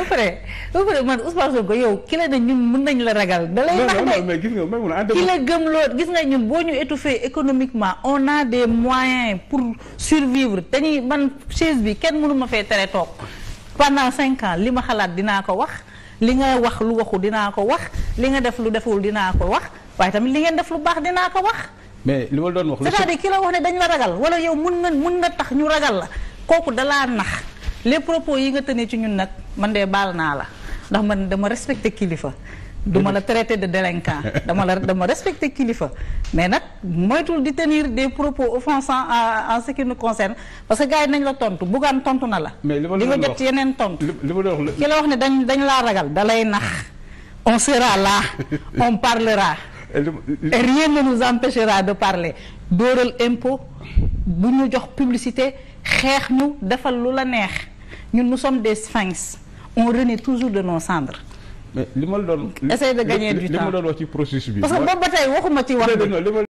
ba pare ba pare man Ousmane yow ki la ne ñun mën nañ la ragal. da lay nax de gis nga gëm loo gis nga ñun boo ñu étouffé économiquement on a des moyens pour survivre dañuy man chaise bi kenn mënu ma fee tere toog pendant cinq ans li ma xalaat dinaa ko wax li nga wax lu waxu dinaa ko wax li nga def lu deful dinaa ko wax waaye tamit li ngeen def lu baax dinaa ko wax. mais li ma doon wax. cest à ki la wax ne dañ la ragal wala yow mun na mun nga tax ñu ragal la kooku dalaa nax. les propos yi nga tënee ci ñun nag man de baal naa la ndax man dama respecté kilifa. duma la traité de délinquant dama la dama respecté kilifa mais nag moytu di tenir des propos offensants en ce qui nous concerne parce que gars nañ la tontu buggaan tontu na la. mais li nga jot yeneen tontu. li ma doon wax ki la wax ne dañ dañ laa ragal dalay nax on sera là on parlera. et rien ne nous empêchera de parler dóoral impôt bu ñu jox publicité xeex ñu defal lu la neex. ñun nous sommes des sphinx on renaît toujours de nos li ma doon. essayer de gagner du temps li ma doon wax ci processus bi. parce que boobu tey waxuma ci wax bi.